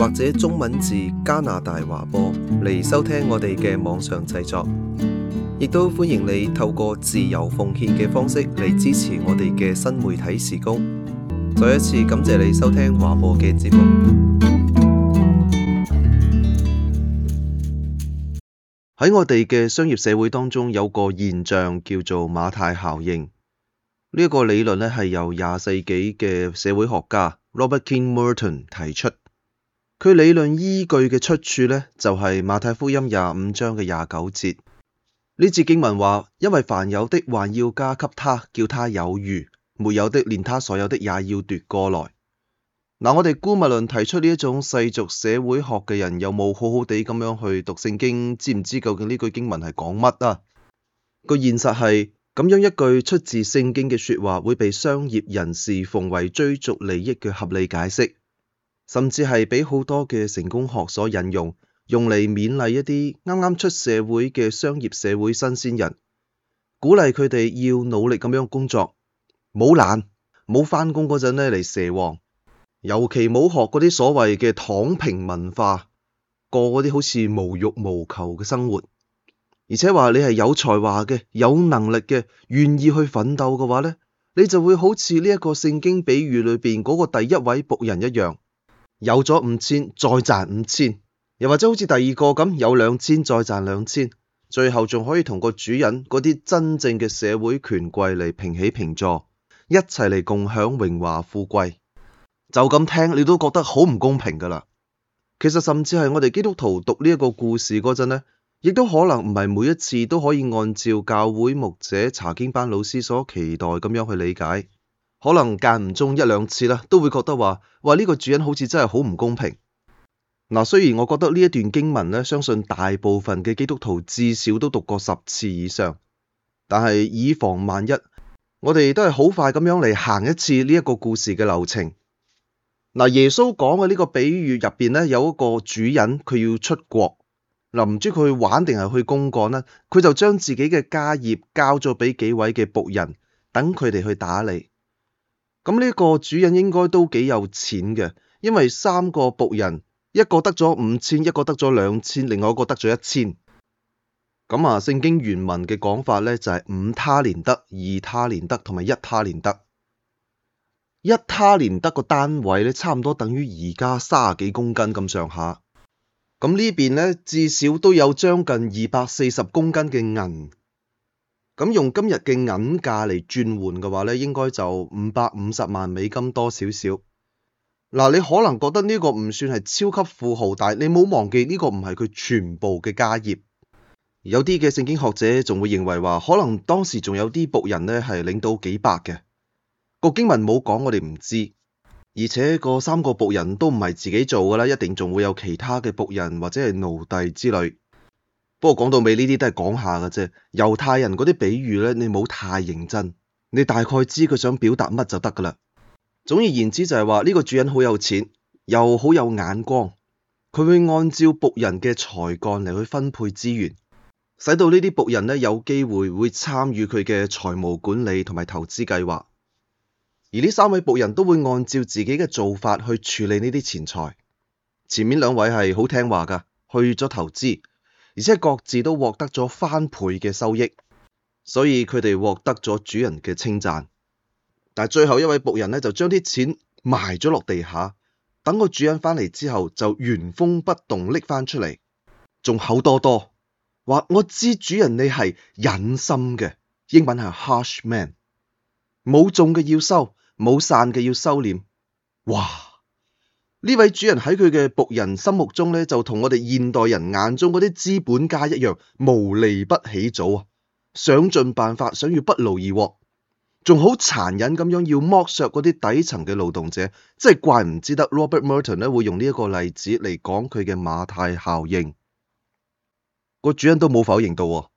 或者中文字加拿大華播嚟，收聽我哋嘅網上製作，亦都歡迎你透過自由奉獻嘅方式嚟支持我哋嘅新媒體事工。再一次感謝你收聽華播嘅節目。喺我哋嘅商業社會當中，有個現象叫做馬太效應。呢、這、一個理論咧，係由廿世紀嘅社會學家 Robert King Merton 提出。佢理論依據嘅出處呢，就係、是、馬太福音廿五章嘅廿九節呢節經文話：因為凡有的還要加，加給他，叫他有餘；沒有的，連他所有的也要奪過來。嗱，那我哋姑勿論提出呢一種世俗社會學嘅人，有冇好好地咁樣去讀聖經？知唔知究竟呢句經文係講乜啊？那個現實係咁樣一句出自聖經嘅説話，會被商業人士奉為追逐利益嘅合理解釋。甚至係畀好多嘅成功學所引用，用嚟勉勵一啲啱啱出社會嘅商業社會新鮮人，鼓勵佢哋要努力咁樣工作，冇懶，冇返工嗰陣呢嚟蛇王，尤其冇學嗰啲所謂嘅躺平文化，過嗰啲好似無欲無求嘅生活。而且話你係有才華嘅，有能力嘅，願意去奮鬥嘅話呢，你就會好似呢一個聖經比喻裏邊嗰個第一位僕人一樣。有咗五千，再賺五千，又或者好似第二個咁，有兩千再賺兩千，最後仲可以同個主人嗰啲真正嘅社會權貴嚟，平起平坐，一齊嚟共享榮華富貴。就咁聽，你都覺得好唔公平噶啦。其實甚至係我哋基督徒讀呢一個故事嗰陣呢，亦都可能唔係每一次都可以按照教會牧者查經班老師所期待咁樣去理解。可能間唔中一兩次啦，都會覺得話，哇，呢個主人好似真係好唔公平。嗱，雖然我覺得呢一段經文咧，相信大部分嘅基督徒至少都讀過十次以上，但係以防萬一，我哋都係好快咁樣嚟行一次呢一個故事嘅流程。嗱，耶穌講嘅呢個比喻入邊咧，有一個主人，佢要出國，嗱，唔知佢去玩定係去公幹咧，佢就將自己嘅家業交咗俾幾位嘅僕人，等佢哋去打理。咁呢個主人應該都幾有錢嘅，因為三個僕人，一個得咗五千，一個得咗兩千，另外一個得咗一千。咁、嗯、啊，聖經原文嘅講法咧，就係、是、五他連得、二他連得同埋一他連得。一他連得個單位咧，差唔多等於而家三十幾公斤咁上下。咁、嗯、呢邊咧，至少都有將近二百四十公斤嘅銀。咁用今日嘅銀價嚟轉換嘅話咧，應該就五百五十萬美金多少少。嗱，你可能覺得呢個唔算係超級富豪，但係你冇忘記呢個唔係佢全部嘅家業。有啲嘅聖經學者仲會認為話，可能當時仲有啲僕人咧係領到幾百嘅。個經文冇講，我哋唔知。而且嗰三個僕人都唔係自己做噶啦，一定仲會有其他嘅僕人或者係奴隸之類。不過講到尾呢啲都係講下嘅啫。猶太人嗰啲比喻咧，你唔好太認真，你大概知佢想表達乜就得㗎啦。總而言之就係話呢個主人好有錢，又好有眼光，佢會按照僕人嘅才幹嚟去分配資源，使到呢啲僕人呢有機會會參與佢嘅財務管理同埋投資計劃。而呢三位僕人都會按照自己嘅做法去處理呢啲錢財。前面兩位係好聽話㗎，去咗投資。而且各自都獲得咗翻倍嘅收益，所以佢哋獲得咗主人嘅稱讚。但係最後一位僕人呢，就將啲錢埋咗落地下，等個主人返嚟之後就原封不動拎返出嚟，仲口多多，話我知主人你係忍心嘅，英文係 harsh man，冇種嘅要收，冇散嘅要收斂。哇！呢位主人喺佢嘅僕人心目中咧，就同我哋現代人眼中嗰啲資本家一樣，無利不起早啊！想盡辦法，想要不勞而獲，仲好殘忍咁樣要剝削嗰啲底層嘅勞動者，真係怪唔知得 Robert Merton 咧會用呢一個例子嚟講佢嘅馬太效應。個主人都冇否認到，啊，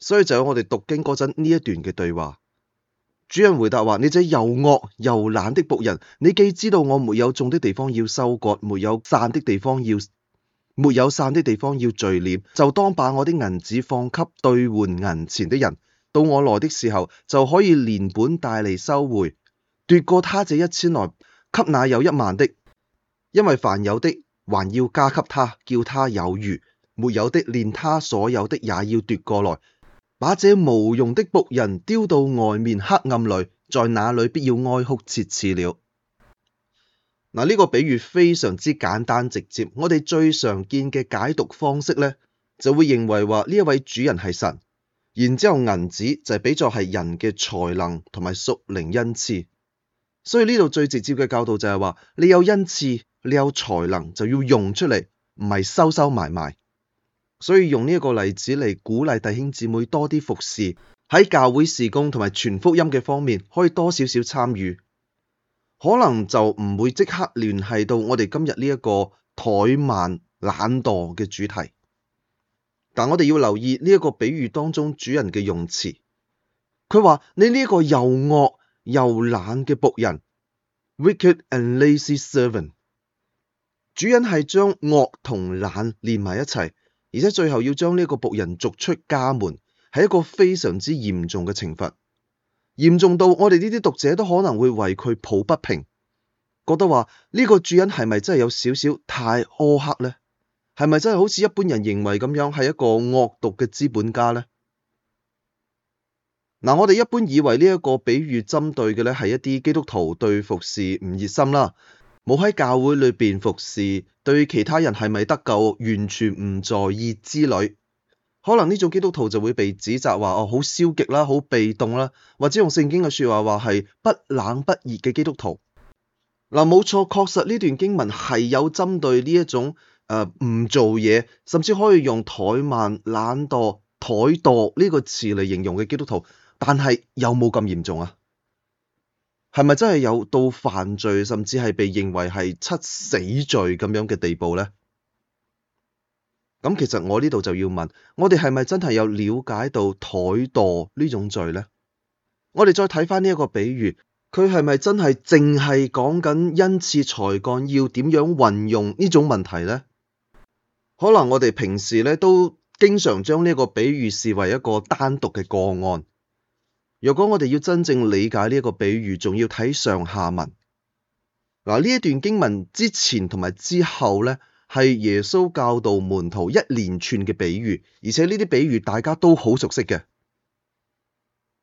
所以就有我哋讀經嗰陣呢一段嘅對話。主人回答話：你這又惡又懶的僕人，你既知道我沒有種的地方要收割，沒有散的地方要沒有散的地方要聚斂，就當把我的銀子放給兌換銀錢的人，到我來的時候就可以連本帶利收回，奪過他這一千來給那有一萬的，因為凡有的還要加給他，叫他有餘；沒有的連他所有的也要奪過來。把這無用的僕人丟到外面黑暗裏，在那裏必要哀哭切齒了。嗱，呢個比喻非常之簡單直接。我哋最常見嘅解讀方式咧，就會認為話呢一位主人係神，然之後銀子就係比作係人嘅才能同埋屬靈恩賜。所以呢度最直接嘅教導就係話，你有恩賜，你有才能，就要用出嚟，唔係收收埋埋。所以用呢一個例子嚟鼓勵弟兄姊妹多啲服侍，喺教會事工同埋傳福音嘅方面，可以多少少參與，可能就唔會即刻聯繫到我哋今日呢一個怠慢懶惰嘅主題。但我哋要留意呢一個比喻當中主人嘅用詞，佢話你呢個又惡又懶嘅僕人，wicked and lazy servant。主人係將惡同懶連埋一齊。而且最後要將呢個僕人逐出家門，係一個非常之嚴重嘅懲罰，嚴重到我哋呢啲讀者都可能會為佢抱不平，覺得話呢個主人係咪真係有少少太苛刻呢？係咪真係好似一般人認為咁樣，係一個惡毒嘅資本家呢？嗱，我哋一般以為呢一個比喻針對嘅咧係一啲基督徒對服侍唔熱心啦，冇喺教會裏邊服侍。對其他人係咪得救完全唔在意之類，可能呢種基督徒就會被指責話哦，好消極啦，好被動啦，或者用聖經嘅說話話係不冷不熱嘅基督徒。嗱、嗯，冇錯，確實呢段經文係有針對呢一種誒唔、呃、做嘢，甚至可以用怠慢、懶惰、怠惰呢個詞嚟形容嘅基督徒。但係有冇咁嚴重啊？係咪真係有到犯罪，甚至係被認為係七死罪咁樣嘅地步咧？咁其實我呢度就要問，我哋係咪真係有了解到怠惰呢種罪咧？我哋再睇翻，呢一個比喻，佢係咪真係淨係講緊恩賜才幹要點樣運用呢種問題咧？可能我哋平時咧都經常將呢個比喻視為一個單獨嘅個案。若果我哋要真正理解呢一個比喻，仲要睇上下文。嗱，呢一段經文之前同埋之後咧，係耶穌教導門徒一連串嘅比喻，而且呢啲比喻大家都好熟悉嘅。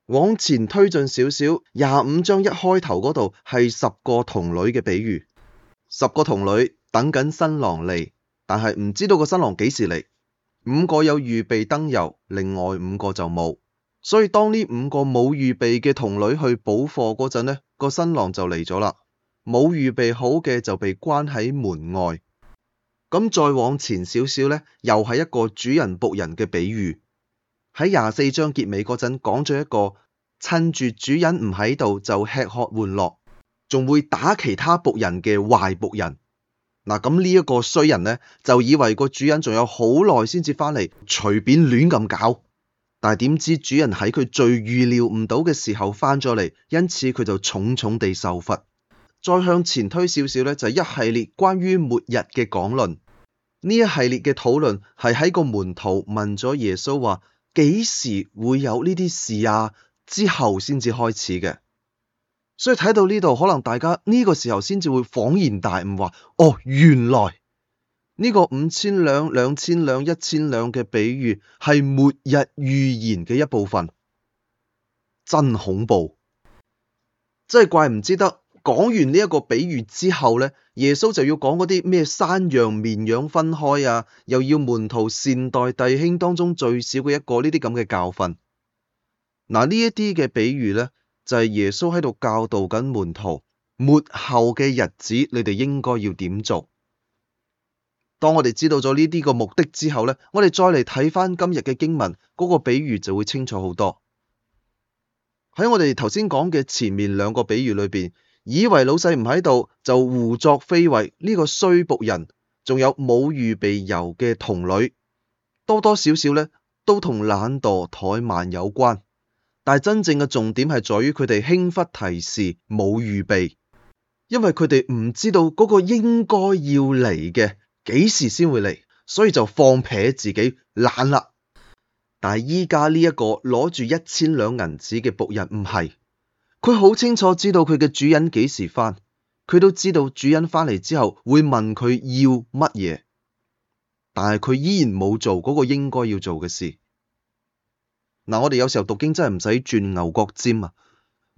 往前推進少少，廿五章一開頭嗰度係十個童女嘅比喻，十個童女等緊新郎嚟，但係唔知道個新郎幾時嚟，五個有預備燈油，另外五個就冇。所以當呢五個冇預備嘅童女去補課嗰陣，呢個新郎就嚟咗啦。冇預備好嘅就被關喺門外。咁再往前少少呢，又係一個主人僕人嘅比喻。喺廿四章結尾嗰陣講咗一個，趁住主人唔喺度就吃喝玩樂，仲會打其他僕人嘅壞僕人。嗱，咁呢一個衰人呢，就以為個主人仲有好耐先至翻嚟隨便亂咁搞。但係點知主人喺佢最預料唔到嘅時候返咗嚟，因此佢就重重地受罰。再向前推少少咧，就係一系列關於末日嘅講論。呢一系列嘅討論係喺個門徒問咗耶穌話幾時會有呢啲事啊之後先至開始嘅。所以睇到呢度，可能大家呢個時候先至會恍然大悟，話哦原來。呢個五千兩、兩千兩、一千兩嘅比喻係末日預言嘅一部分，真恐怖，真係怪唔知得。講完呢一個比喻之後咧，耶穌就要講嗰啲咩山羊、綿羊分開啊，又要門徒善待弟兄當中最少嘅一個呢啲咁嘅教訓。嗱，呢一啲嘅比喻咧，就係耶穌喺度教導緊門徒，末後嘅日子你哋應該要點做。當我哋知道咗呢啲個目的之後咧，我哋再嚟睇翻今日嘅經文嗰個比喻就會清楚好多。喺我哋頭先講嘅前面兩個比喻裏邊，以為老細唔喺度就胡作非為呢個衰僕人，仲有冇預備油嘅童女，多多少少咧都同懶惰怠慢有關。但係真正嘅重點係在於佢哋輕忽提示冇預備，因為佢哋唔知道嗰個應該要嚟嘅。幾時先會嚟？所以就放屁自己懶啦。但係而家呢一個攞住一千兩銀子嘅僕人唔係，佢好清楚知道佢嘅主人幾時返，佢都知道主人返嚟之後會問佢要乜嘢，但係佢依然冇做嗰個應該要做嘅事。嗱，我哋有時候讀經真係唔使鑽牛角尖啊！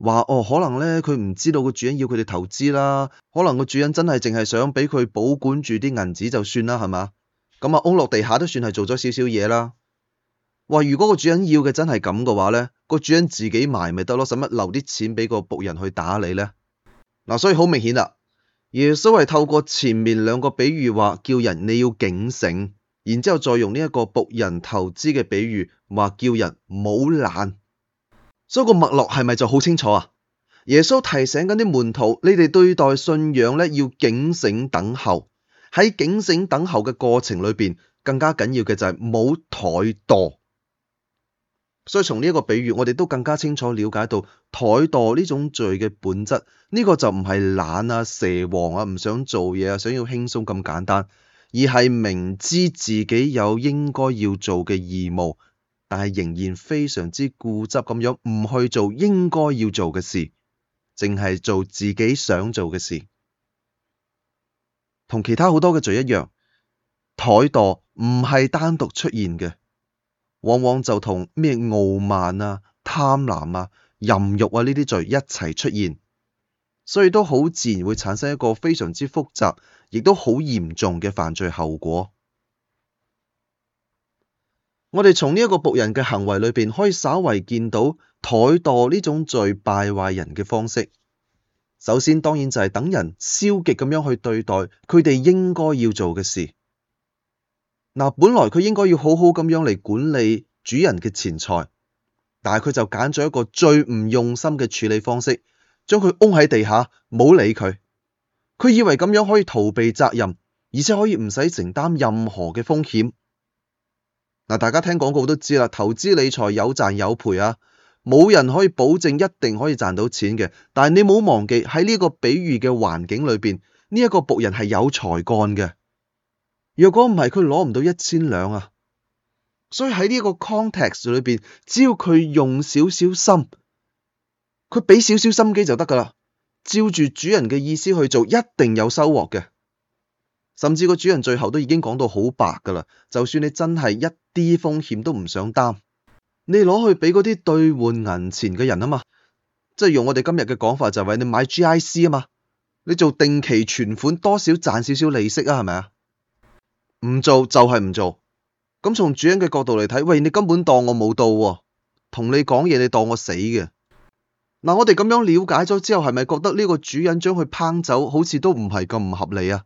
話哦，可能咧佢唔知道個主人要佢哋投資啦，可能個主人真係淨係想畀佢保管住啲銀紙就算啦，係嘛？咁啊，屋落地下都算係做咗少少嘢啦。話如果個主人要嘅真係咁嘅話咧，個主人自己埋咪得咯，使乜留啲錢畀個僕人去打理咧？嗱、啊，所以好明顯啦，耶穌係透過前面兩個比喻話叫人你要警醒，然之後再用呢一個僕人投資嘅比喻話叫人唔好懶。所以個脈絡係咪就好清楚啊？耶穌提醒緊啲門徒，你哋對待信仰咧，要警醒等候。喺警醒等候嘅過程裏邊，更加緊要嘅就係冇怠惰。所以從呢一個比喻，我哋都更加清楚了解到怠惰呢種罪嘅本質。呢、這個就唔係懶啊、蛇王啊、唔想做嘢啊、想要輕鬆咁簡單，而係明知自己有應該要做嘅義務但係仍然非常之固執咁樣，唔去做應該要做嘅事，淨係做自己想做嘅事。同其他好多嘅罪一樣，怠惰唔係單獨出現嘅，往往就同咩傲慢啊、貪婪啊、淫慾啊呢啲、啊、罪一齊出現，所以都好自然會產生一個非常之複雜，亦都好嚴重嘅犯罪後果。我哋從呢一個僕人嘅行為裏邊，可以稍為見到怠惰呢種最敗壞人嘅方式。首先，當然就係等人消極咁樣去對待佢哋應該要做嘅事。嗱，本來佢應該要好好咁樣嚟管理主人嘅錢財，但係佢就揀咗一個最唔用心嘅處理方式，將佢踎喺地下，冇理佢。佢以為咁樣可以逃避責任，而且可以唔使承擔任何嘅風險。大家聽廣告都知啦，投資理財有賺有賠啊，冇人可以保證一定可以賺到錢嘅。但係你唔好忘記喺呢個比喻嘅環境裏邊，呢一個僕人係有才幹嘅。如果唔係，佢攞唔到一千兩啊。所以喺呢個 context 裏邊，只要佢用少少心，佢畀少少心機就得㗎啦。照住主人嘅意思去做，一定有收穫嘅。甚至個主人最後都已經講到好白噶啦，就算你真係一啲風險都唔想擔，你攞去畀嗰啲兌換銀錢嘅人啊嘛，即係用我哋今日嘅講法就係你買 GIC 啊嘛，你做定期存款多少賺少少利息啊係咪啊？唔做就係唔做，咁從主人嘅角度嚟睇，喂，你根本當我冇到喎，同你講嘢你當我死嘅。嗱，我哋咁樣了解咗之後，係咪覺得呢個主人將佢拋走好似都唔係咁唔合理啊？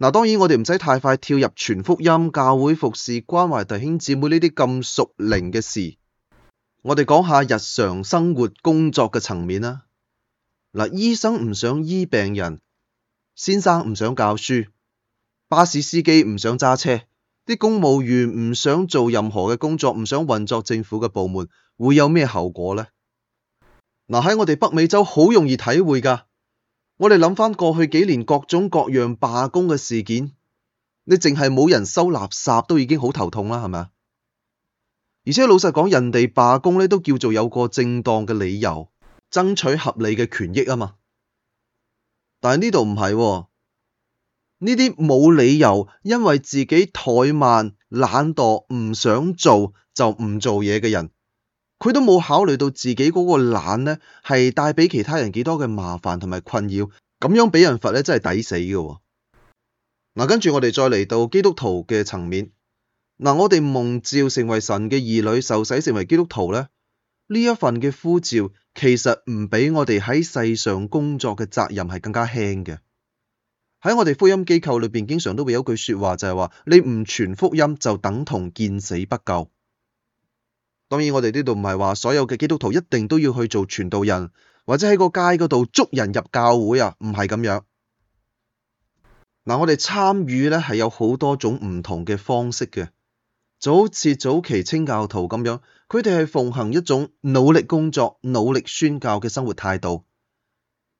嗱，當然我哋唔使太快跳入全福音、教會服侍、關懷弟兄姊妹呢啲咁屬靈嘅事，我哋講下日常生活工作嘅層面啦。嗱，醫生唔想醫病人，先生唔想教書，巴士司機唔想揸車，啲公務員唔想做任何嘅工作，唔想運作政府嘅部門，會有咩後果呢？嗱，喺我哋北美洲好容易體會㗎。我哋諗返過去幾年各種各樣罷工嘅事件，你淨係冇人收垃圾都已經好頭痛啦，係咪啊？而且老實講，人哋罷工咧都叫做有個正當嘅理由，爭取合理嘅權益啊嘛。但係呢度唔係喎，呢啲冇理由，因為自己怠慢、懶惰、唔想做就唔做嘢嘅人。佢都冇考慮到自己嗰個懶呢，係帶畀其他人幾多嘅麻煩同埋困擾，咁樣畀人罰呢，真係抵死嘅。嗱、啊，跟住我哋再嚟到基督徒嘅層面，嗱、啊，我哋蒙召成為神嘅兒女，受洗成為基督徒呢，呢一份嘅呼召其實唔畀我哋喺世上工作嘅責任係更加輕嘅。喺我哋福音機構裏邊，經常都會有句説話就係話：你唔傳福音，就等同見死不救。當然，我哋呢度唔係話所有嘅基督徒一定都要去做傳道人，或者喺個街嗰度捉人入教會啊，唔係咁樣。嗱，我哋參與咧係有好多種唔同嘅方式嘅，就好似早期清教徒咁樣，佢哋係奉行一種努力工作、努力宣教嘅生活態度。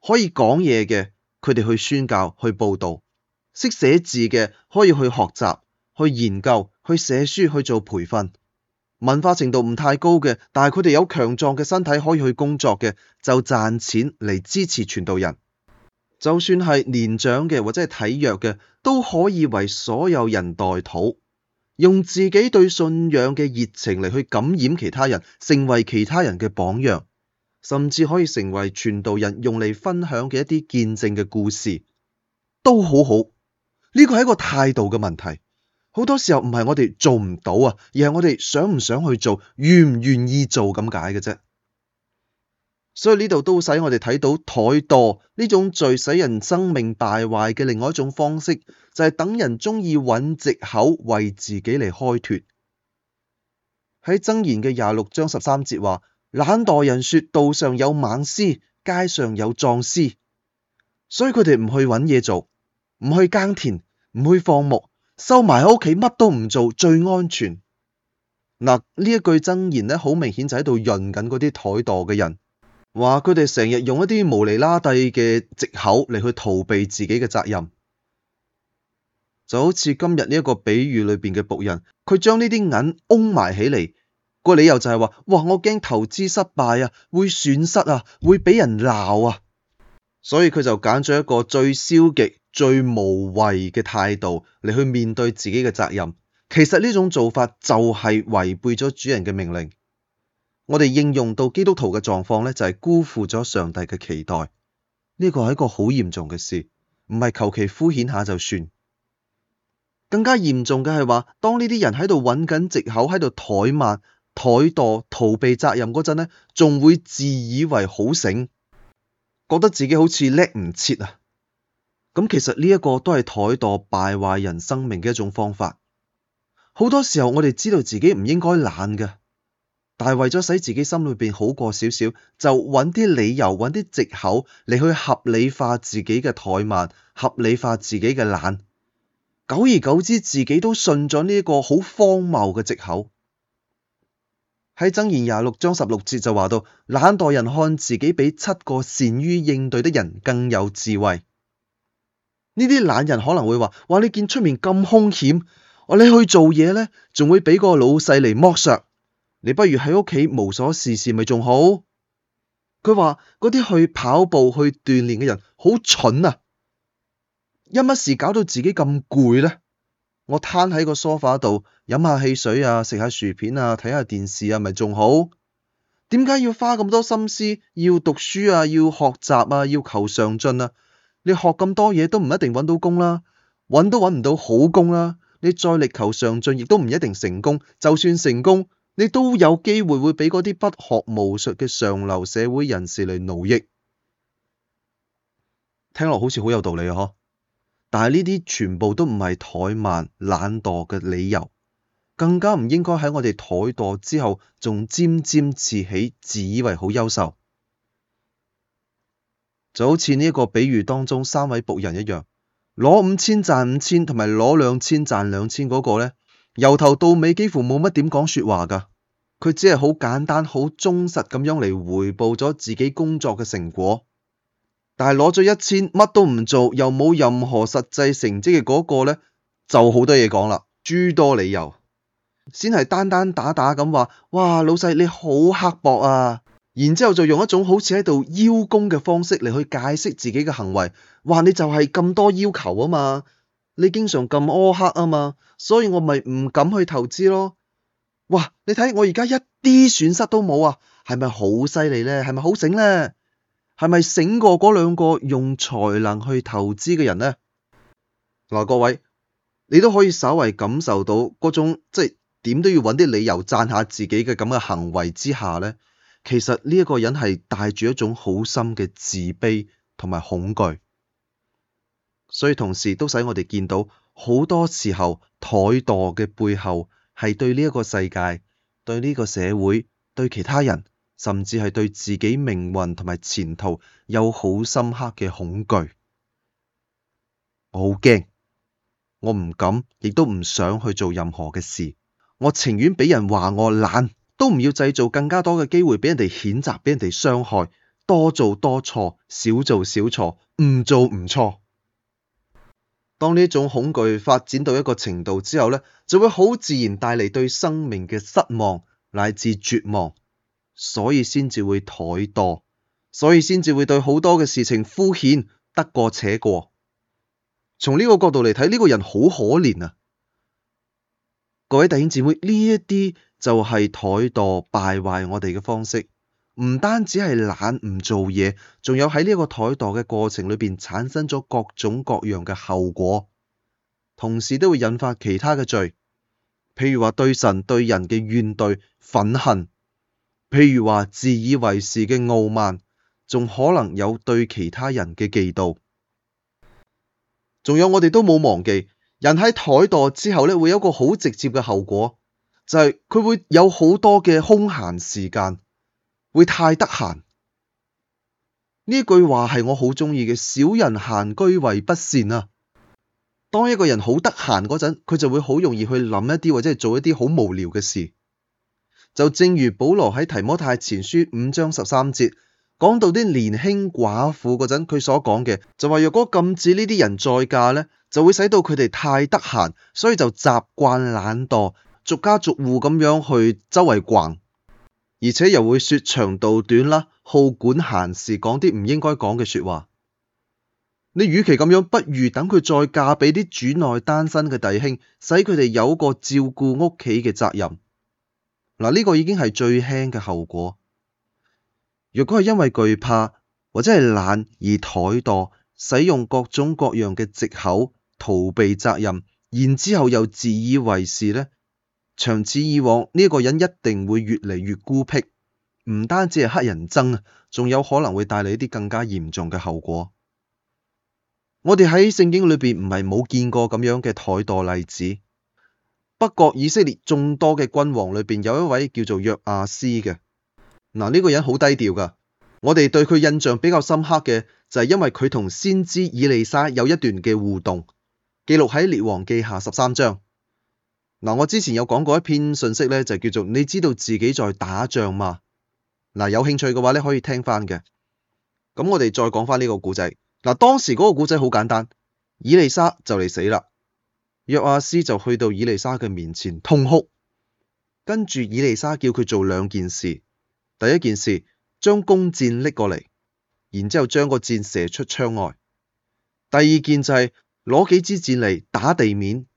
可以講嘢嘅，佢哋去宣教、去佈道；識寫字嘅，可以去學習、去研究、去寫書、去做培訓。文化程度唔太高嘅，但係佢哋有強壯嘅身體可以去工作嘅，就賺錢嚟支持傳道人。就算係年長嘅或者係體弱嘅，都可以為所有人代禱，用自己對信仰嘅熱情嚟去感染其他人，成為其他人嘅榜樣，甚至可以成為傳道人用嚟分享嘅一啲見證嘅故事，都好好。呢個係一個態度嘅問題。好多時候唔係我哋做唔到啊，而係我哋想唔想去做，願唔願意做咁解嘅啫。所以呢度都使我哋睇到怠惰呢種罪使人生命敗壞嘅另外一種方式，就係、是、等人鍾意揾藉口為自己嚟開脫。喺箴言嘅廿六章十三節話：懶惰人說道上有猛獅，街上有壯獅，所以佢哋唔去揾嘢做，唔去耕田，唔去放牧。收埋喺屋企乜都唔做最安全嗱，呢、啊、一句箴言咧，好明顯就喺度潤緊嗰啲怠惰嘅人，話佢哋成日用一啲無厘拉地嘅借口嚟去逃避自己嘅責任，就好似今日呢一個比喻裏邊嘅僕人，佢將呢啲銀擁埋起嚟個理由就係、是、話，哇我驚投資失敗啊，會損失啊，會畀人鬧啊，所以佢就揀咗一個最消極。最無謂嘅態度嚟去面對自己嘅責任，其實呢種做法就係違背咗主人嘅命令。我哋應用到基督徒嘅狀況呢，就係辜負咗上帝嘅期待。呢個係一個好嚴重嘅事，唔係求其敷衍下就算。更加嚴重嘅係話，當呢啲人喺度揾緊藉口，喺度怠慢、怠惰、逃避責任嗰陣呢，仲會自以為好醒，覺得自己好似叻唔切啊！咁其實呢一個都係怠惰敗壞人生命嘅一種方法。好多時候我哋知道自己唔應該懶嘅，但係為咗使自己心裏邊好過少少，就揾啲理由、揾啲藉口嚟去合理化自己嘅怠慢，合理化自己嘅懶。久而久之，自己都信咗呢一個好荒謬嘅藉口。喺箴言廿六章十六節就話到，懶惰人看自己比七個善於應對的人更有智慧。呢啲懶人可能會話：哇！你見出面咁凶險，你去做嘢咧，仲會畀個老細嚟剝削，你不如喺屋企無所事事咪仲好。佢話：嗰啲去跑步去鍛煉嘅人好蠢啊！因乜事搞到自己咁攰咧？我攤喺個梳化度飲下汽水啊，食下薯片啊，睇下電視啊，咪仲好？點解要花咁多心思要讀書啊，要學習啊，要求上進啊？你學咁多嘢都唔一定揾到工啦，揾都揾唔到好工啦。你再力求上進，亦都唔一定成功。就算成功，你都有機會會畀嗰啲不學無術嘅上流社會人士嚟奴役。聽落好似好有道理啊！但係呢啲全部都唔係怠慢懶惰嘅理由，更加唔應該喺我哋怠惰之後，仲沾沾自喜，自以為好優秀。就好似呢一個比喻當中三位僕人一樣，攞五千賺五千同埋攞兩千賺兩千嗰個咧，由頭到尾幾乎冇乜點講説話㗎，佢只係好簡單好忠實咁樣嚟回報咗自己工作嘅成果。但係攞咗一千乜都唔做又冇任何實際成績嘅嗰個咧，就好多嘢講啦，諸多理由先係單單打打咁話，哇老細你好刻薄啊！然之後就用一種好似喺度邀功嘅方式嚟去解釋自己嘅行為，哇！你就係咁多要求啊嘛，你經常咁苛刻啊嘛，所以我咪唔敢去投資咯。哇！你睇我而家一啲損失都冇啊，係咪好犀利咧？係咪好醒咧？係咪醒過嗰兩個用才能去投資嘅人咧？嗱、呃，各位，你都可以稍為感受到嗰種即係點都要揾啲理由讚下自己嘅咁嘅行為之下咧。其實呢一個人係帶住一種好深嘅自卑同埋恐懼，所以同時都使我哋見到好多時候怠惰嘅背後係對呢一個世界、對呢個社會、對其他人，甚至係對自己命運同埋前途有好深刻嘅恐懼。我好驚，我唔敢，亦都唔想去做任何嘅事。我情願畀人話我懶。都唔要製造更加多嘅機會畀人哋譴責，畀人哋傷害。多做多錯，少做少錯，唔做唔錯。當呢種恐懼發展到一個程度之後呢，就會好自然帶嚟對生命嘅失望乃至絕望，所以先至會怠惰，所以先至會對好多嘅事情敷衍，得過且過。從呢個角度嚟睇，呢個人好可憐啊！各位弟兄姊妹，呢一啲。就係怠惰敗壞我哋嘅方式，唔單止係懶唔做嘢，仲有喺呢個怠惰嘅過程裏邊產生咗各種各樣嘅後果，同時都會引發其他嘅罪，譬如話對神對人嘅怨懟憤恨，譬如話自以為是嘅傲慢，仲可能有對其他人嘅嫉妒。仲有我哋都冇忘記，人喺怠惰之後咧，會有一個好直接嘅後果。就係佢會有好多嘅空閒時間，會太得閒。呢句話係我好中意嘅。小人閒居為不善啊。當一個人好得閒嗰陣，佢就會好容易去諗一啲或者係做一啲好無聊嘅事。就正如保羅喺提摩太前書五章十三節講到啲年輕寡婦嗰陣，佢所講嘅就話：若果禁止呢啲人再嫁咧，就會使到佢哋太得閒，所以就習慣懶惰。逐家逐戶咁樣去周圍逛，而且又會說長道短啦，好管閒事，講啲唔應該講嘅說話。你與其咁樣，不如等佢再嫁畀啲主內單身嘅弟兄，使佢哋有個照顧屋企嘅責任。嗱，呢個已經係最輕嘅後果。若果係因為懼怕或者係懶而怠惰，使用各種各樣嘅藉口逃避責任，然之後又自以為是咧。長此以往，呢、這個人一定會越嚟越孤僻，唔單止係黑人憎，仲有可能會帶嚟一啲更加嚴重嘅後果。我哋喺聖經裏邊唔係冇見過咁樣嘅怠惰例子。不過以色列眾多嘅君王裏邊，有一位叫做約亞斯嘅，嗱、這、呢個人好低調噶。我哋對佢印象比較深刻嘅，就係因為佢同先知以利沙有一段嘅互動，記錄喺列王記下十三章。嗱，我之前有講過一篇信息咧，就係、叫做你知道自己在打仗嗎？嗱，有興趣嘅話咧可以聽翻嘅。咁我哋再講翻呢個古仔。嗱，當時嗰個古仔好簡單，以利沙就嚟死啦，約阿斯就去到以利沙嘅面前痛哭，跟住以利沙叫佢做兩件事。第一件事，將弓箭拎過嚟，然之後將個箭射出窗外。第二件就係攞幾支箭嚟打地面。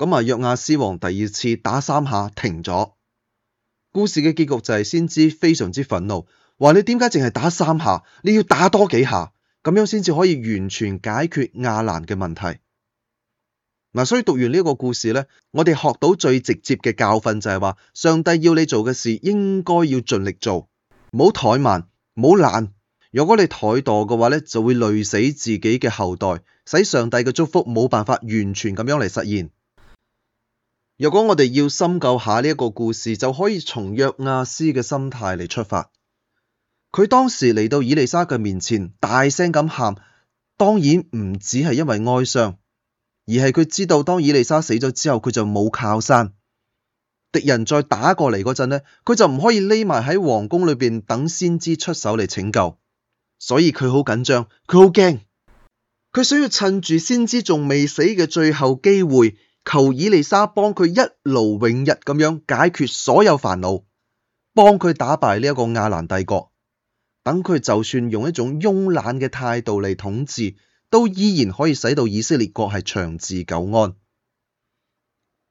咁啊，約亞斯王第二次打三下停咗，故事嘅結局就係先知非常之憤怒，話，你點解淨係打三下？你要打多幾下，咁樣先至可以完全解決亞蘭嘅問題。嗱、啊，所以讀完呢一個故事咧，我哋學到最直接嘅教訓就係話，上帝要你做嘅事應該要盡力做，唔好怠慢，唔好懶。如果你怠惰嘅話咧，就會累死自己嘅後代，使上帝嘅祝福冇辦法完全咁樣嚟實現。如果我哋要深究下呢一個故事，就可以從約亞斯嘅心態嚟出發。佢當時嚟到以利沙嘅面前，大聲咁喊，當然唔只係因為哀傷，而係佢知道當以利沙死咗之後，佢就冇靠山，敵人再打過嚟嗰陣呢，佢就唔可以匿埋喺皇宮裏邊等先知出手嚟拯救，所以佢好緊張，佢好驚，佢想要趁住先知仲未死嘅最後機會。求以利沙幫佢一勞永逸咁樣解決所有煩惱，幫佢打敗呢一個亞蘭帝國，等佢就算用一種慵懶嘅態度嚟統治，都依然可以使到以色列國係長治久安。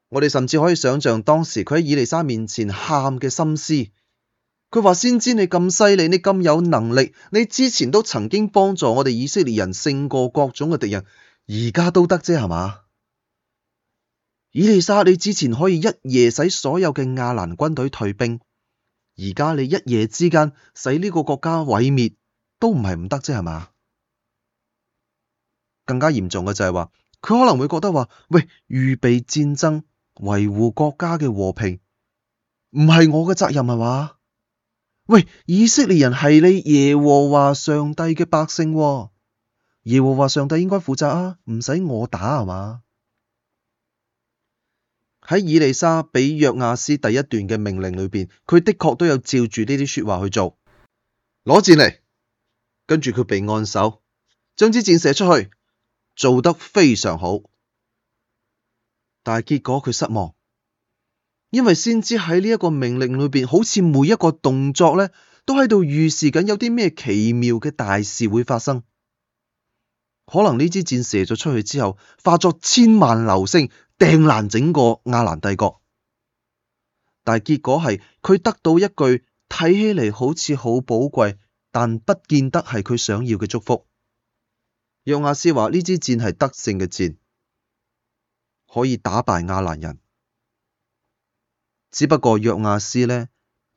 我哋甚至可以想象當時佢喺以利沙面前喊嘅心思，佢話，先知你咁犀利，你咁有能力，你之前都曾經幫助我哋以色列人勝過各種嘅敵人，而家都得啫，係嘛？以利沙，你之前可以一夜使所有嘅亞蘭軍隊退兵，而家你一夜之間使呢個國家毀滅，都唔係唔得啫，係嘛？更加嚴重嘅就係話，佢可能會覺得話，喂，預備戰爭、維護國家嘅和平，唔係我嘅責任，係嘛？喂，以色列人係你耶和華上帝嘅百姓，耶和華上帝應該負責啊，唔使我打，係嘛？喺以利沙俾約亞斯第一段嘅命令裏邊，佢的確都有照住呢啲說話去做，攞箭嚟，跟住佢被按手，將支箭射出去，做得非常好，但係結果佢失望，因為先知喺呢一個命令裏邊，好似每一個動作咧，都喺度預示緊有啲咩奇妙嘅大事會發生。可能呢支箭射咗出去之後，化作千萬流星，掟爛整個亞蘭帝國。但係結果係，佢得到一句睇起嚟好似好寶貴，但不見得係佢想要嘅祝福。約亞斯話呢支箭係得勝嘅箭，可以打敗亞蘭人。只不過約亞斯呢。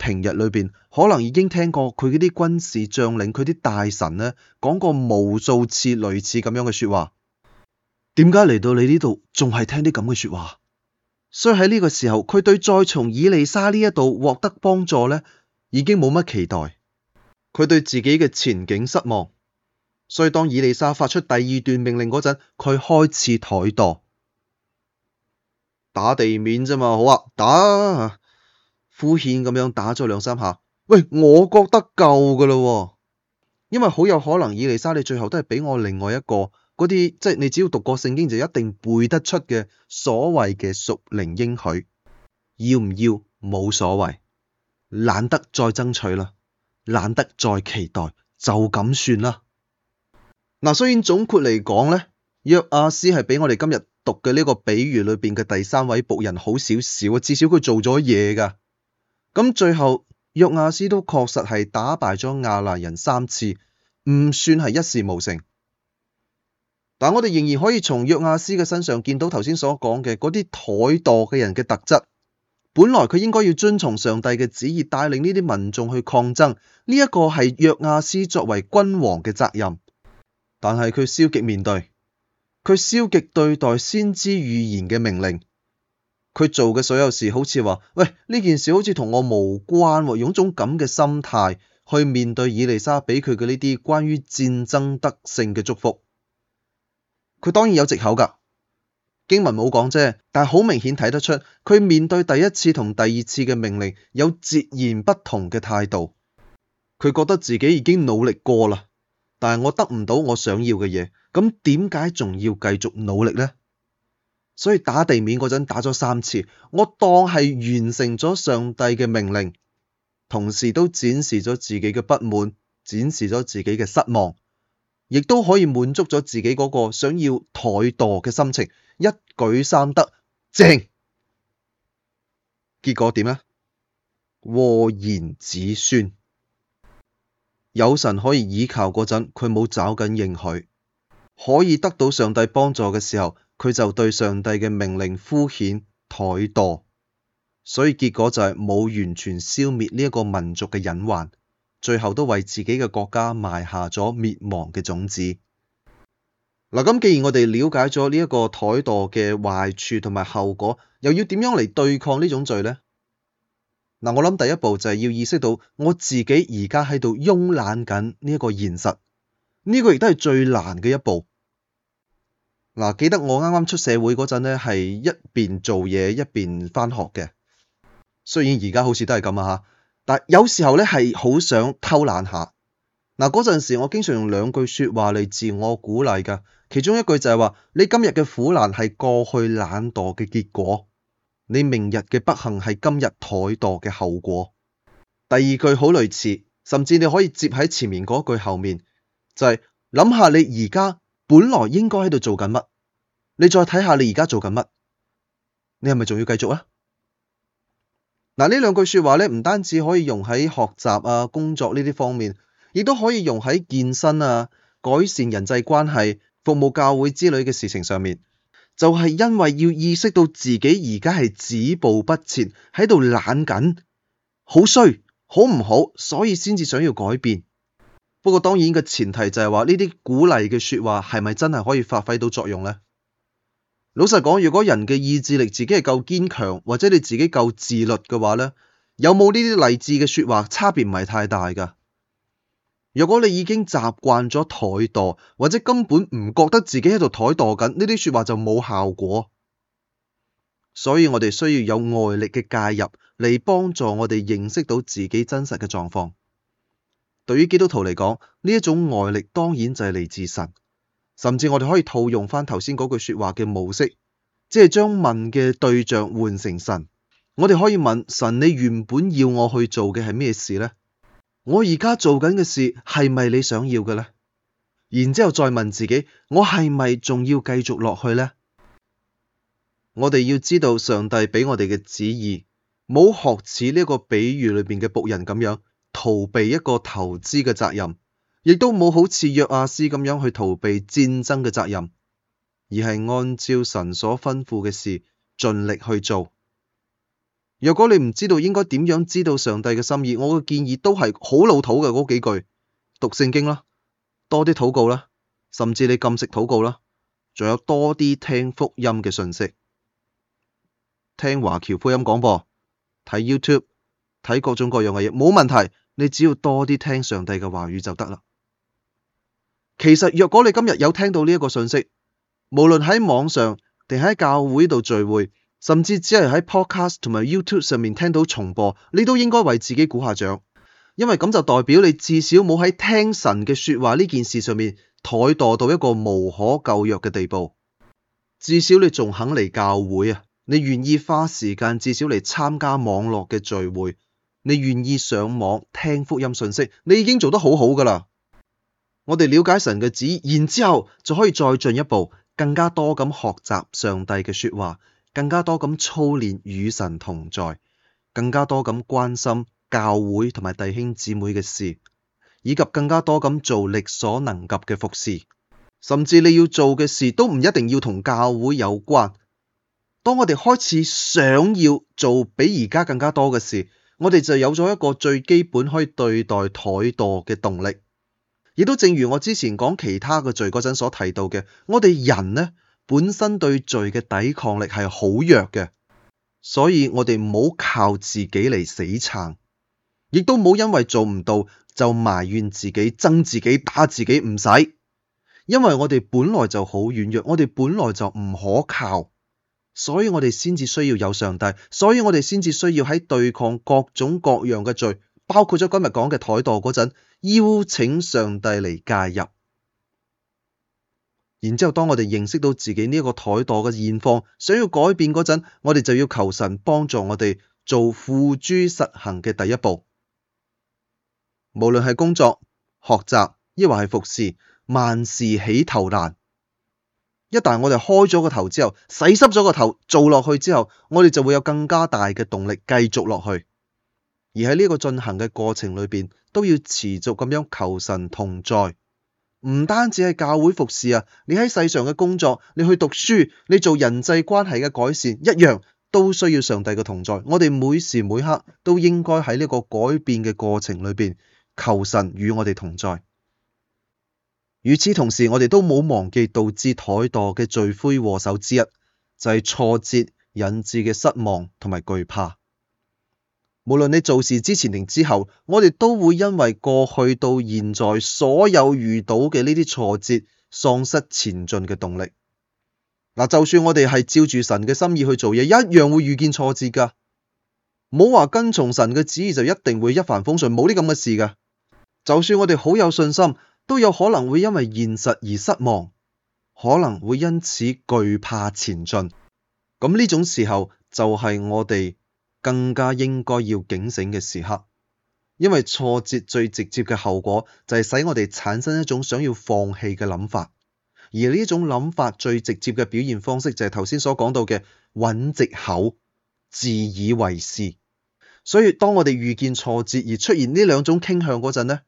平日裏邊可能已經聽過佢嗰啲軍事將領、佢啲大臣呢，講過無數次類似咁樣嘅說話。點解嚟到你呢度仲係聽啲咁嘅說話？所以喺呢個時候，佢對再從以利沙呢一度獲得幫助呢已經冇乜期待。佢對自己嘅前景失望，所以當以利沙發出第二段命令嗰陣，佢開始怠惰，打地面啫嘛，好啊，打。敷衍咁樣打咗兩三下，喂，我覺得夠噶啦。哦，因為好有可能以利沙你最後都係畀我另外一個嗰啲，即係你只要讀過聖經就一定背得出嘅所謂嘅屬靈應許，要唔要冇所謂，懶得再爭取啦，懶得再期待，就咁算啦。嗱，啊，雖然總括嚟講咧，約阿斯係比我哋今日讀嘅呢個比喻裏邊嘅第三位僕人好少少，至少佢做咗嘢噶。咁最後約亞斯都確實係打敗咗亞蘭人三次，唔算係一事無成。但我哋仍然可以從約亞斯嘅身上見到頭先所講嘅嗰啲怠惰嘅人嘅特質。本來佢應該要遵從上帝嘅旨意，帶領呢啲民眾去抗爭，呢、這、一個係約亞斯作為君王嘅責任。但係佢消極面對，佢消極對待先知預言嘅命令。佢做嘅所有事好似話，喂呢件事好似同我無關哦，用種咁嘅心態去面對以利沙畀佢嘅呢啲關於戰爭得勝嘅祝福，佢當然有借口噶，經文冇講啫，但係好明顯睇得出佢面對第一次同第二次嘅命令有截然不同嘅態度，佢覺得自己已經努力過啦，但係我得唔到我想要嘅嘢，咁點解仲要繼續努力咧？所以打地面嗰陣打咗三次，我當係完成咗上帝嘅命令，同時都展示咗自己嘅不滿，展示咗自己嘅失望，亦都可以滿足咗自己嗰個想要怠惰嘅心情，一舉三得，正。結果點呢？禍延子孫。有神可以倚靠嗰陣，佢冇找緊應許，可以得到上帝幫助嘅時候。佢就對上帝嘅命令敷衍怠惰，所以結果就係冇完全消滅呢一個民族嘅隱患，最後都為自己嘅國家埋下咗滅亡嘅種子。嗱，咁既然我哋了解咗呢一個怠惰嘅壞處同埋後果，又要點樣嚟對抗呢種罪咧？嗱，我諗第一步就係要意識到我自己而家喺度慵懶緊呢一個現實，呢、呢個亦都係最難嘅一步。嗱，記得我啱啱出社會嗰陣咧，係一邊做嘢，一邊返學嘅。雖然而家好似都係咁啊，吓，但有時候咧係好想偷懶下。嗱，嗰陣時我經常用兩句說話嚟自我鼓勵噶，其中一句就係話：你今日嘅苦難係過去懶惰嘅結果，你明日嘅不幸係今日怠惰嘅後果。第二句好類似，甚至你可以接喺前面嗰句後面，就係諗下你而家。本來應該喺度做緊乜？你再睇下你而家做緊乜？你係咪仲要繼續啊？嗱，呢兩句說話咧，唔單止可以用喺學習啊、工作呢啲方面，亦都可以用喺健身啊、改善人際關係、服務教會之類嘅事情上面。就係因為要意識到自己而家係止步不前，喺度懶緊，好衰，好唔好，所以先至想要改變。不過當然嘅前提就係話呢啲鼓勵嘅說話係咪真係可以發揮到作用咧？老實講，如果人嘅意志力自己係夠堅強，或者你自己夠自律嘅話咧，有冇呢啲勵志嘅說話差別唔係太大噶。如果你已經習慣咗怠惰，或者根本唔覺得自己喺度怠惰緊，呢啲說話就冇效果。所以我哋需要有外力嘅介入嚟幫助我哋認識到自己真實嘅狀況。對於基督徒嚟講，呢一種外力當然就係嚟自神，甚至我哋可以套用翻頭先嗰句說話嘅模式，即係將問嘅對象換成神，我哋可以問神：你原本要我去做嘅係咩事咧？我而家做緊嘅事係咪你想要嘅咧？然之後再問自己：我係咪仲要繼續落去咧？我哋要知道上帝畀我哋嘅旨意，冇學似呢個比喻裏邊嘅僕人咁樣。逃避一個投資嘅責任，亦都冇好似約阿斯咁樣去逃避戰爭嘅責任，而係按照神所吩咐嘅事盡力去做。若果你唔知道應該點樣知道上帝嘅心意，我嘅建議都係好老土嘅嗰幾句：讀聖經啦，多啲禱告啦，甚至你禁食禱告啦，仲有多啲聽福音嘅信息，聽華僑福音廣播，睇 YouTube，睇各種各樣嘅嘢，冇問題。你只要多啲聽上帝嘅話語就得啦。其實若果你今日有聽到呢一個信息，無論喺網上定喺教會度聚會，甚至只係喺 podcast 同埋 YouTube 上面聽到重播，你都應該為自己鼓下掌，因為咁就代表你至少冇喺聽神嘅說話呢件事上面怠惰到一個無可救藥嘅地步。至少你仲肯嚟教會啊，你願意花時間至少嚟參加網絡嘅聚會。你願意上網聽福音信息，你已經做得好好噶啦。我哋了解神嘅旨意，然之後就可以再進一步，更加多咁學習上帝嘅說話，更加多咁操練與神同在，更加多咁關心教會同埋弟兄姊妹嘅事，以及更加多咁做力所能及嘅服侍。甚至你要做嘅事都唔一定要同教會有關。當我哋開始想要做比而家更加多嘅事，我哋就有咗一個最基本可以對待怠惰嘅動力，亦都正如我之前講其他嘅罪嗰陣所提到嘅，我哋人呢本身對罪嘅抵抗力係好弱嘅，所以我哋唔好靠自己嚟死撐，亦都唔好因為做唔到就埋怨自己、憎自己、打自己唔使，因為我哋本來就好軟弱，我哋本來就唔可靠。所以我哋先至需要有上帝，所以我哋先至需要喺對抗各種各樣嘅罪，包括咗今日講嘅怠惰嗰陣，邀請上帝嚟介入。然之後當我哋認識到自己呢一個怠惰嘅現況，想要改變嗰陣，我哋就要求神幫助我哋做付諸實行嘅第一步。無論係工作、學習亦或係服侍，萬事起頭難。一旦我哋開咗個頭之後，洗濕咗個頭，做落去之後，我哋就會有更加大嘅動力繼續落去。而喺呢個進行嘅過程裏邊，都要持續咁樣求神同在。唔單止係教會服侍啊，你喺世上嘅工作，你去讀書，你做人際關係嘅改善，一樣都需要上帝嘅同在。我哋每時每刻都應該喺呢個改變嘅過程裏邊，求神與我哋同在。與此同時，我哋都冇忘記導致怠惰嘅罪魁禍首之一，就係挫折引致嘅失望同埋懼怕。無論你做事之前定之後，我哋都會因為過去到現在所有遇到嘅呢啲挫折，喪失前進嘅動力。嗱，就算我哋係照住神嘅心意去做嘢，一樣會遇見挫折噶。冇話跟從神嘅旨意就一定會一帆風順，冇啲咁嘅事噶。就算我哋好有信心。都有可能會因為現實而失望，可能會因此懼怕前進。咁呢種時候就係我哋更加應該要警醒嘅時刻，因為挫折最直接嘅後果就係使我哋產生一種想要放棄嘅諗法，而呢種諗法最直接嘅表現方式就係頭先所講到嘅揾藉口、自以為是。所以當我哋遇見挫折而出現呢兩種傾向嗰陣呢。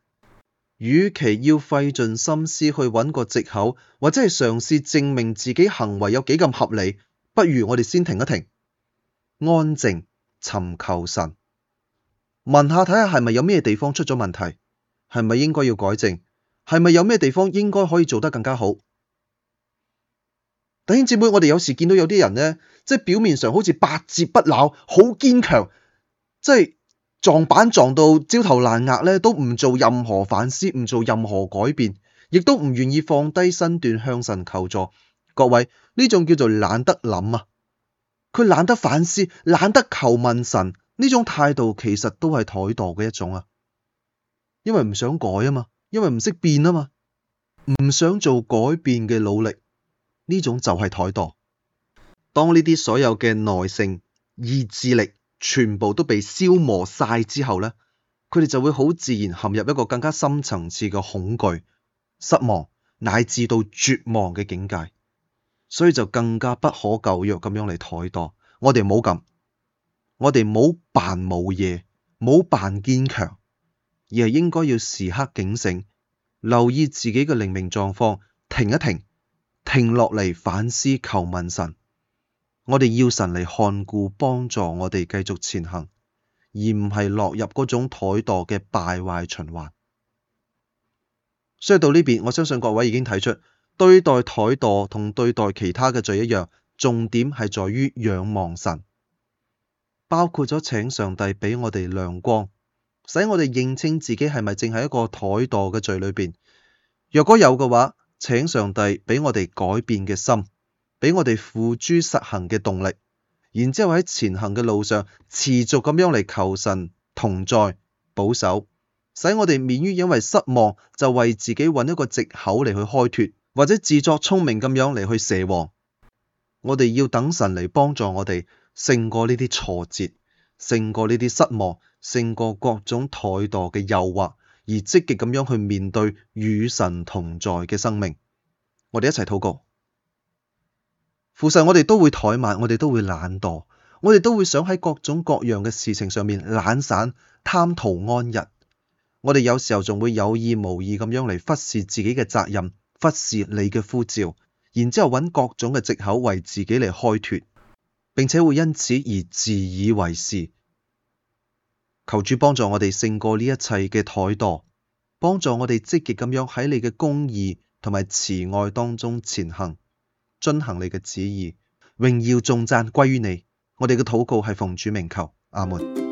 與其要費盡心思去揾個藉口，或者係嘗試證明自己行為有幾咁合理，不如我哋先停一停，安靜尋求神，問下睇下係咪有咩地方出咗問題，係咪應該要改正，係咪有咩地方應該可以做得更加好？弟兄姊妹，我哋有時見到有啲人呢，即係表面上好似百折不撓，好堅強，即係。撞板撞到焦頭爛額咧，都唔做任何反思，唔做任何改變，亦都唔願意放低身段向神求助。各位，呢種叫做懶得諗啊，佢懶得反思，懶得求問神，呢種態度其實都係怠惰嘅一種啊，因為唔想改啊嘛，因為唔識變啊嘛，唔想做改變嘅努力，呢種就係怠惰。當呢啲所有嘅耐性、意志力，全部都被消磨晒之後呢，佢哋就會好自然陷入一個更加深層次嘅恐懼、失望，乃至到絕望嘅境界。所以就更加不可救藥咁樣嚟怠惰。我哋冇咁，我哋冇扮冇嘢，冇扮堅強，而係應該要時刻警醒，留意自己嘅靈命狀況，停一停，停落嚟反思、求問神。我哋要神嚟看顧幫助我哋繼續前行，而唔係落入嗰種怠惰嘅敗壞循環。所以到呢邊，我相信各位已經睇出，對待怠惰同對待其他嘅罪一樣，重點係在於仰望神，包括咗請上帝畀我哋亮光，使我哋認清自己係咪正喺一個怠惰嘅罪裏邊。若果有嘅話，請上帝畀我哋改變嘅心。畀我哋付諸實行嘅動力，然之後喺前行嘅路上持續咁樣嚟求神同在保守，使我哋免於因為失望就為自己揾一個藉口嚟去開脫，或者自作聰明咁樣嚟去蛇王。我哋要等神嚟幫助我哋勝過呢啲挫折，勝過呢啲失望，勝過各種怠惰嘅誘惑，而積極咁樣去面對與神同在嘅生命。我哋一齊禱告。父神，我哋都會怠慢，我哋都會懶惰，我哋都會想喺各種各樣嘅事情上面懶散、貪圖安逸。我哋有時候仲會有意無意咁樣嚟忽視自己嘅責任，忽視你嘅呼召，然之後搵各種嘅借口為自己嚟開脫，並且會因此而自以為是。求主幫助我哋勝過呢一切嘅怠惰，幫助我哋積極咁樣喺你嘅公義同埋慈愛當中前行。遵行你嘅旨意，榮耀頌讚歸於你。我哋嘅禱告係奉主名求，阿門。